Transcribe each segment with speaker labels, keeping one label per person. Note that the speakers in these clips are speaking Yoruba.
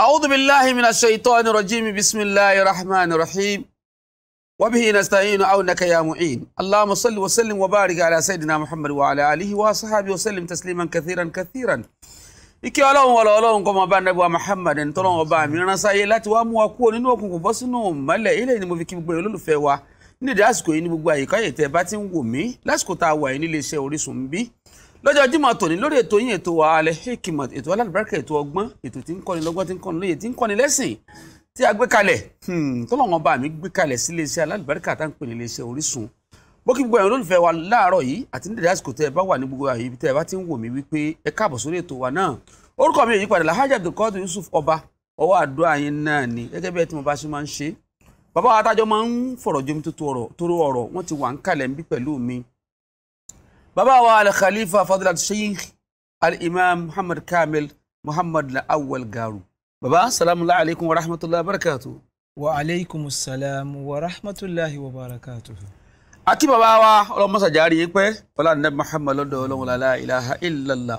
Speaker 1: أعوذ بالله من الشيطان الرجيم بسم الله الرحمن الرحيم وبه نستعين عونك يا معين اللهم صل وسلم وبارك على سيدنا محمد وعلى آله وصحبه وسلم تسليما كثيرا كثيرا ike ọlọ́run wọlọ ọlọ́run kọ́ máa bá nàbíwá muhammad ní tọ́lọ́run ọba mi rán sáyé láti wá mú wa kúrò nínú òkùnkùn bọ́ sínú mọ́lẹ̀ ilé ni mo fi kí gbogbo olólùfẹ́ wa nídìí àsìkò yìí ní gbogbo àyíká yìí tẹ́ bá ti ń wò mí lásìkò tá a wà yìí nílé iṣẹ́ Orísun ń bí lọ́jọ́ Jímọ̀ tòní lórí ètò yín ètò Al Hikmat ètò alálùbáríkà ètò ọgbọ́n ètò tí ń kọ́ni lọ́gbọ́n tí ń kọ́ni lóye tí ń kọ́ni lẹ́sìn tí a gbé kalẹ̀ hmm, tọ́lọ́wọ́n bá mi gbé kalẹ̀ sí iléeṣẹ́ alálùbáríkà tá à iléeṣẹ́ Orísun bó gbogbo ẹ̀rọ olólùfẹ́ wa láàárọ̀ yìí àti nídìí àsìkò tẹ́ ẹ bá wà ní gbogbo àyè ibi tẹ́ ẹ bá ti ń Yusuf Ọba ọwọ́ àdúrà yín náà ni gẹ́gẹ́ bí ẹ tí mo bá ṣe máa ń ṣe bàbá wa tájọ máa mi bàbá wa al-khalifa fadilat sheikh al-imam muhammad kamil muhammad lawal garu bàbá salamu alaykum wa rahmatulahi wa barakatu.
Speaker 2: wa aleykum salam wa rahmatulahi wa barakatu.
Speaker 1: àti bàbá wa ọlọmọsà jaari yín pẹ́ ọlọ́dún muhammad lọ́dọ̀ ọlọ́run la ilaha illallah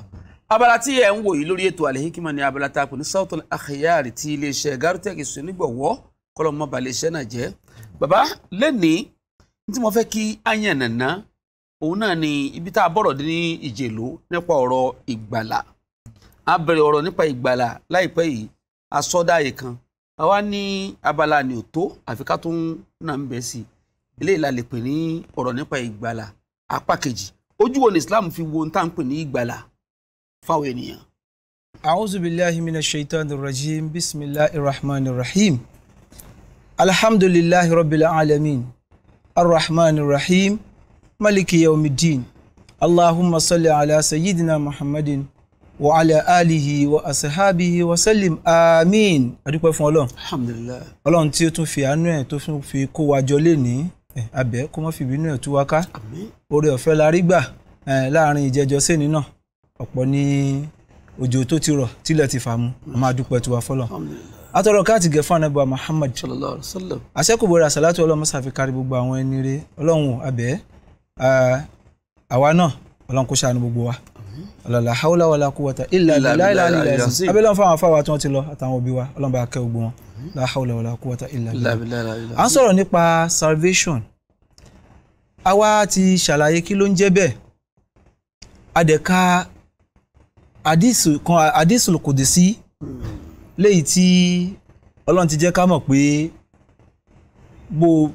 Speaker 1: abala tí ẹ ń wòye lórí ètò al-hikima ni abala ta kò ní sautul akhyar ti iléeṣẹ́ garutech sọ nígbọ̀wọ́ kọlọmọba iléeṣẹ́ náà jẹ́ bàbá lẹ́nìí tí mo fẹ́ kí ayànnàná òun náà ni ibi tá a bọ̀rọ̀ dé ní ìjèlú nípa ọ̀rọ̀ ìgbàlà a bẹ̀rẹ̀ ọ̀rọ̀ nípa ìgbàlà láìpẹ́ yìí kan a wá ní abala ni ò tó àfi ká nà ń bẹ̀ sí i eléyìí la lè pè ní ọ̀rọ̀ nípa ìgbàlà apá kejì ojú wo Islam fi wo tá à ń pè ní ìgbàlà fáwọn ènìyàn.
Speaker 2: rajim ملك يوم الدين اللهم صل على سيدنا محمد وعلى آله وأصحابه وسلم آمين adúpẹ́ fún ọlọ́run alhamdulillah ọlọ́run tí ó tún fi àánú ẹ̀ tó fi kó wa jọ lénìí abẹ́ kó má fi ìbínú ẹ̀ tú wa ká oore ọ̀fẹ́ la rí gbà láàrin ìjẹjọ sẹ́ni náà ọ̀pọ̀ ní òjò tó ti rọ̀ tilẹ̀ ti fà mu a máa dúpẹ́ tiwa fọlọ́ atọ́rọ̀ káàtì gẹ̀fọ́ anábọ̀ Muhammad àṣẹ́kùbọ̀rẹ̀ àṣàlátù ọlọ́mọ sàfikàrí gbogbo àwọn ẹni rẹ̀ ọlọ́run abẹ́ àwa náà ọlọ́run kó ṣàánú gbogbo wa ọlọ́la haúlá wàlá quwwata illa billahi ilà ìsìn abẹ́lẹ́ fún àwọn afáwa tí wọ́n ti lọ àtàwọn òbí wa ọlọ́run bá kẹ́ gbogbo wọn la haúlá wàlá quwwata illa billahi. à ń sọ̀rọ̀ nípa salvation àwa ti ṣàlàyé kí ló ń jẹ́ bẹ́ẹ̀ adẹ̀ka àdìsù kò dé sí léyìí tí ọlọ́run ti jẹ́ ká mọ̀ pé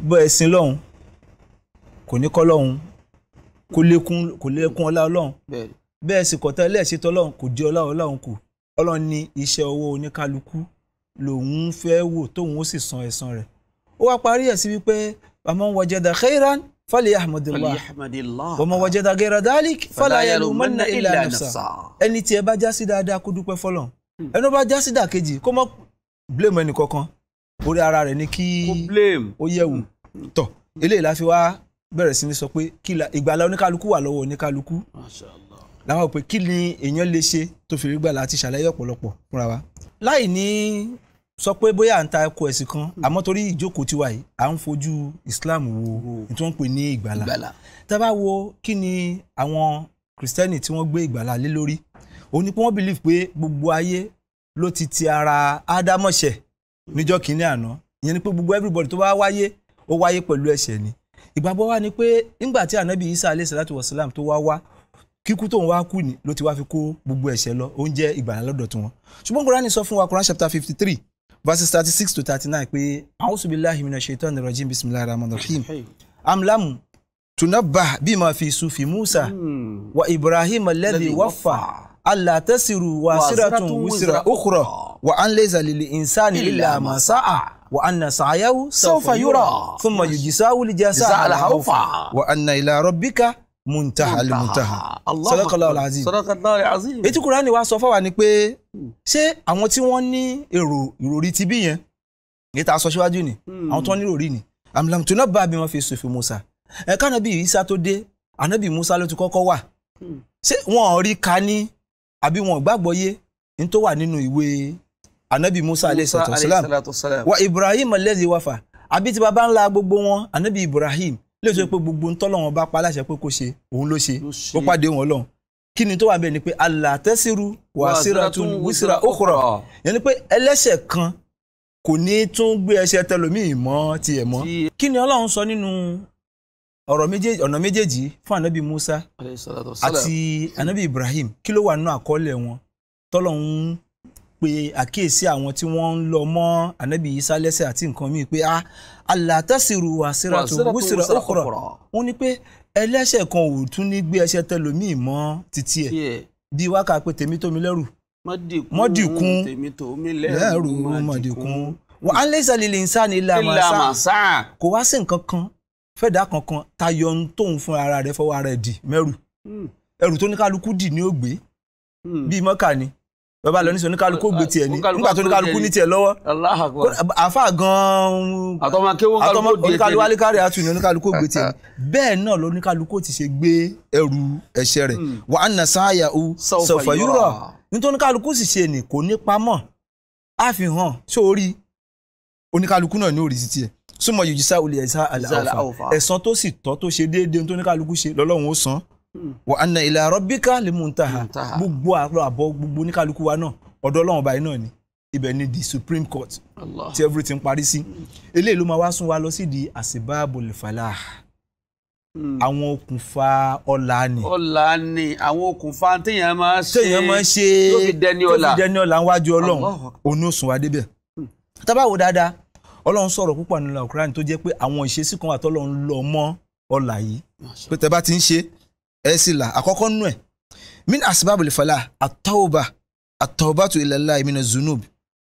Speaker 2: bó ẹ̀sìn lọ́hùn kò ní kọ́ lọ́hùn kò lékún ọlá ọlọ́run bẹ́ẹ̀ sì kọ̀tà ẹlẹ́ẹ̀ṣetọ́ ọlọ́run kò jẹ́ ọlá ọlọ́run kù ọlọ́run ní iṣẹ́ ọwọ́ oníkálukú lòun fẹ́ wò tóun ó sì san ẹ̀san rẹ̀ ó wá parí ẹ̀ sí wípé àmọ́ wajada khairan falyahmadillah wa man wajada ghayra dhalik fala yalumanna illa nafsa ẹni tí ẹ bá já sí dáadáa kó dúpẹ́ fọlọ́n hmm. ẹni ó bá já sí dàkejì kó mọ́ blame ẹnì kankan orí ara rẹ̀ ni kí ó yẹ̀wò hmm. tọ̀ eléyìí la wá bẹ̀rẹ̀ sí ní sọ pé kí la ìgbàlá oníkálukú wà lọ́wọ́ oníkálukú làwọn pé kí ni èèyàn lè ṣe tó fi rí gbàlá àti ṣàlàyé ọ̀pọ̀lọpọ̀ fúnra wa. láì ní sọ pé bóyá à ń ta ẹkọ ẹ̀sìn kan hmm. àmọ́ torí ìjókòó tiwa yìí à ń fojú Islam wo hmm. ní tí wọ́n ń pè ní ìgbàlá tá a bá wo kí ni àwọn kìrìsìtẹ́nì tí wọ́n gbé ìgbàlá lé lórí òun ni pé wọ́n believe pé gbogbo ayé ló ti ti ara Ádámọ̀ṣẹ̀ níjọ́ kìíní àná ìyẹn ni pé gbogbo everybody tó bá wáyé ó wáyé pẹ̀lú ẹ̀ṣẹ̀ ni ìgbàgbọ́ wa ni pé nígbà tí ànábì isa alayhi salatu wa salam tó wá wá kíkú tóun wá kú ni ló ti wá fi kó gbogbo ẹ̀ṣẹ̀ lọ ó ń tiwọn ṣùgbọ́n kúránì sọ fún wa Quran chapter fifty three verses thirty six to thirty nine pé a'udhu billahi minash shaitani rajim bismillahir rahmanir rahim amlamu tunabba bima fi sufi musa hmm. wa ibrahim alladhi waffa alla tasiru wasiratun wisra ukhra wa an laysa lil insani illa ma sa'a wa anna sa'yahu sawfa yura thumma yujzahu al jazaa al hawfa wa anna ila rabbika muntaha al muntaha sadaqallahu al azim sadaqallahu al azim eti qur'ani wá sọ fáwa ní pé hmm. ṣé àwọn tí wọ́n ní èrò ìròrí ti bí yẹn ní ta sọ síwájú ni hmm. àwọn tó ní ìròrí ni amlam tunabba bima fi sufi Musa ẹ kánàbí Ìsá tó dé ànábì Musa ló ti kọ́kọ́ wà hmm. ṣé wọn ò ka ní àbí wọn ò gbàgbọ́ tó wà nínú ìwé anabi musa aleyhisalaam wa ibrahim alẹ́dí wafa àbí tí baba ńlá gbogbo wọn anabi ibrahim lè sọ pé gbogbo ń tọ́lọ́wọ́n bá pa aláṣẹ pé kó ṣe òun ló ṣe ó pàdé wọn lọ́hùn kí ni tó wà bẹ́ẹ̀ ni pé alatẹ́sirú wàsíratun wísíra òkúrọ̀ yẹn ni pé ẹlẹ́ṣẹ̀ kan kò ní tún gbé ẹ̀ṣẹ̀ tẹlòmíì mọ́ tiẹ̀ mọ́ kí ni ọlọ́run sọ nínú ọ̀nà méjèèjì fún anabi musa àti anabi ibrahim kí ló wà nínú àkọọ́lẹ̀ wọn tọ́lọ́run pe àkíyèsí àwọn tí wọ́n ń lọ mọ́ ànábì Ìsá lẹ́sẹ̀ àti nǹkan míì pé a alàtàsírù àsírà tó wúsìrà òkùrọ̀ wọ́n ní pé ẹlẹ́ṣẹ̀ kan ò tún ní gbé ẹ̀ṣẹ̀ tẹlòmíì mọ́ títí ẹ̀ bí wákà pé tèmi tó mi lẹ́rù mọ́dìkún lẹ́rù mọ́dìkún wọ́n á lè sàlẹ̀ lè ń sá ní ilé àmàṣà kò wá sí nǹkan kan fẹ́dà kankan tayọ ohun tóun fún ara rẹ̀ fọwọ́ ara ẹ̀ dì mẹ́rù hmm. ẹrù tó ní kálukú dì ní ògbé hmm. bíi mọ́kà ni bàbá lọ níṣẹ́ oníkálukú gbé tiẹ̀ ní nígbà tó oníkálukú ní tiẹ̀ lọ́wọ́ àfa gan-an oníkálukú alékárí àtúnyẹ oníkálukú gbé tiẹ̀ ní bẹ́ẹ̀ náà lọ oníkálukú ti ṣe gbé ẹrù ẹ̀ṣẹ̀ rẹ̀ wà á nà sáàyà o sọ̀fà yúrọ̀ nítorí oníkálukú sì ṣe nì kò ní pamọ́ àfihàn sórí oníkálukú náà ní òrìṣì tiẹ̀ súnmọ́ yòjísà olè ẹ̀sán àlàáfà ẹ̀sán tó sì tọ́ tó ṣe déédéé nítorí oníkálukú ṣe lọ́lọ́run ó san wa anna ila rabbika limuntaha gbogbo àlọ́ àbọ̀ gbogbo oníkálukú wa náà ọ̀dọ̀ ọlọ́run báyìí náà ni ibẹ̀ ni the supreme court tí everything parí sí eléyìí ló máa wá sún wa lọ sí di asbabul falah hmm. àwọn okùnfà ọlà ni.
Speaker 1: ọlà ni àwọn okùnfà téèyàn máa ṣe téèyàn máa ṣe tó fi dẹni ọlà tó fi dẹni
Speaker 2: ọlà níwájú ọlọ́run òun ó sùn wá débẹ̀ hmm. tá dáadáa ọlọ́run sọ̀rọ̀ púpọ̀ nínú al tó jẹ́ pé àwọn ìṣesí kan wà tọ́lọ́run lọ mọ́ ọlà yìí pé tẹ́ bá ti ń ṣe ẹ̀sìlà àkọ́kọ́ nù ẹ̀ min asibabul fala atawba atawba tu ilallah mina zunub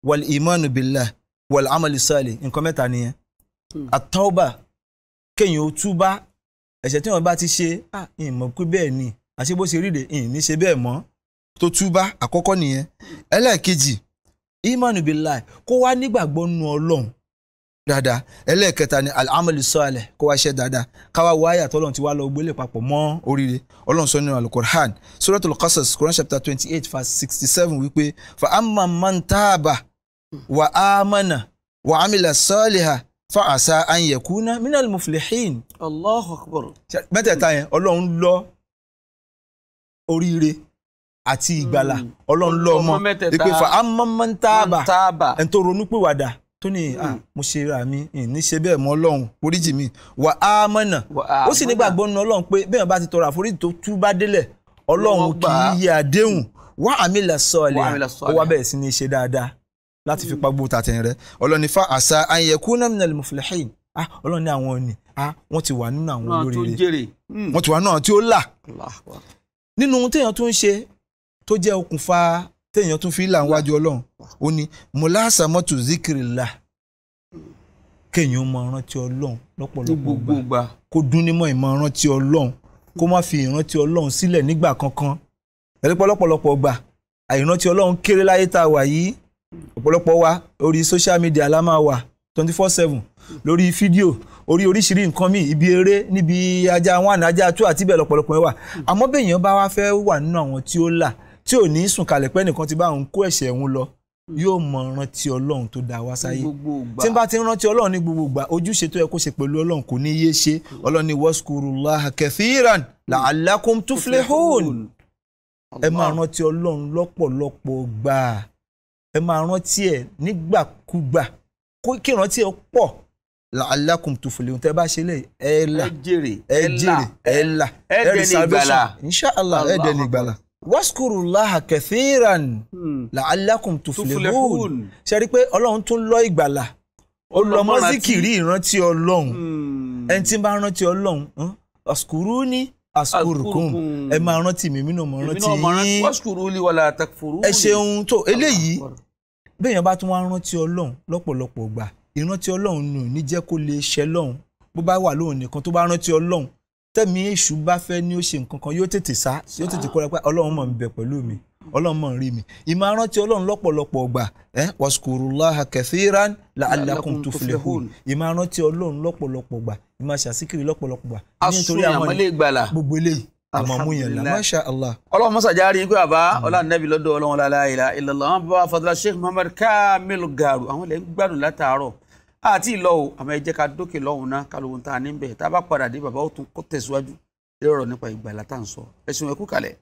Speaker 2: wal imanu billah wal amali sali nǹkan mẹ́ta nìyẹn hmm. atawba kéèyàn ó túbá ẹ̀ṣẹ̀ tí wọ́n bá ti ṣe à ah, ìmọ̀ pé bẹ́ẹ̀ ni àṣé bó ṣe ríde ìní ṣe bẹ́ẹ̀ mọ́ tó túbá àkọ́kọ́ nìyẹn ẹlẹ́ẹ̀kejì imanu billah kó wá nígbàgbọ́ nu ọlọ́run dáadáa ẹlẹ́ẹ̀kẹta ni alhamdu sọ́ọ̀lẹ̀ kó wá ṣe dáadáa káwá wá àyà tọ́lọ́run ti wá lọ gbélé papọ̀ mọ́ oríire ọlọ́run sọ nínú alukur'an suratul qasas quran chapter twenty eight verse sixty seven wípé fa amma man taaba wa amana wa amila sọ́ọ̀lìhà fa àṣà an minal muflihin. allahu akbar. mẹ́tẹ̀ẹ̀ta yẹn ọlọ́run lọ oríire àti ìgbàlà hmm. ọlọ́run lọ ọmọ ìpè fa amma man taaba ẹni tó ronú pìwàdà tó ní à hmm. mo ṣe ra mi ní ṣe bẹ́ẹ̀ mọ́ ọlọ́run oríjì mi wà á mọ̀nà ó sì nígbàgbọ́ nínú ọlọ́run pé bẹ́ẹ̀ bá ti tọrọ àforíjì tó tú bá délẹ̀ ọlọ́run kì í yẹ àdéhùn wà á mi là sọ ọ̀lẹ̀ ó wá bẹ̀rẹ̀ sí ní ṣe dáadáa láti fi pa gbogbo tàtẹ̀yìn rẹ ọlọ́run ní fa àṣà ayẹ̀kú náà minal muflihin ọlọ́run ní àwọn ni wọ́n ti wà nínú àwọn olóríire hmm. wọ́n ti wà náà tí ó là nínú ohun téèyàn tó ń ṣe tó jẹ́ okùnfà téèyàn tún fi là ń wájú ọlọ́run ó ní mọ̀láṣà mọ́tò zikirila kéèyàn mọ rántí ọlọ́run lọ́pọ̀lọpọ̀ gbà kó dún nímọ̀ ìmọ̀ rántí ọlọ́run kó má fi ìrántí ọlọ́run sílẹ̀ nígbà kankan ẹ̀rípọ̀ lọ́pọ̀lọpọ̀ gbà àìrántí ọlọ́run kéré láyé tá a wà yìí ọ̀pọ̀lọpọ̀ wa orí social media la máa wà twenty four seven lórí fídíò orí oríṣiríṣi nǹkan míì ibi eré níbi ajá one ajá two àti bẹ́ẹ̀ lọ́pọ̀lọpọ̀ ẹ wà àmọ́ bẹ́ẹ̀ yẹn bá wá fẹ́ wà nínú àwọn tí ó là tí ò ní sùn kalẹ̀ pẹ́ nìkan ti bá òun kó ẹ̀ṣẹ̀ òun lọ yóò mọ rántí ọlọ́run tó dá wa sáyé tí n bá ti rántí ọlọ́run ní gbogbo ìgbà ojúṣe tó yẹ kó ṣe pẹ̀lú ọlọ́run kò ní yé ṣe hmm. ọlọ́run ni waskurullaha kathiran la'allakum tuflihun hmm. ẹ máa rántí ọlọ́run lọ́pọ̀lọpọ̀ gbà ẹ máa rántí ẹ nígbàkúgbà kí ìrántí ẹ pọ̀ la'allakum tuflihun tẹ́ bá ṣe lẹ́yìn ẹ là ẹ jèrè ẹ là ẹ dẹni ìgbàlà inṣàlá ẹ dẹni ìgbàlà waskuru laha kathiran hmm. la'allakum tuflihun ṣe rí i pé ọlọ́run tún lọ ìgbàlà ó lọ mọ́ síkìrì ìrántí ọlọ́run hmm. ẹni tí ń bá rántí ọlọ́run waskuru ni asukurukum ẹ máa rántí mi náà mọ rántí yín ẹ ṣeun tó eléyìí béèyàn bá tún wá rántí ọlọ́run lọ́pọ̀lọpọ̀ gbà ìrántí ọlọ́run nù ní jẹ́ kó lè ṣẹ bó bá wà lóhùn nìkan tó bá rántí ọlọ́run tẹ́mi èṣù bá fẹ́ ní ó ṣe nǹkan kan yóò tètè sá yóò tètè kọ́ra pé ọlọ́run mọ̀ ń bẹ pẹ̀lú mi ọlọ́run mọ̀ ń rí mi ìmọ̀ràn tí ọlọ́run lọ́pọ̀lọpọ̀ ọgbà ẹ waskurulaha kathiran la'allakum tuflihun ìmọ̀ràn tí ọlọ́run lọ́pọ̀lọpọ̀ ọgbà ìmọ̀ ṣàṣíkiri lọ́pọ̀lọpọ̀ ọgbà nítorí àwọn gbogbo eléyìí àmọ́
Speaker 1: mú àti ìlọ o àmọ́ ẹ jẹ́ ká dókè lọ́hùn náà ká lóhun tá a níbẹ̀ tá a bá padà dé bàbá ó tún tẹ̀síwájú lérò nípa ìgbàlá tá à ń sọ ẹ̀sùn ẹ̀kú kalẹ̀.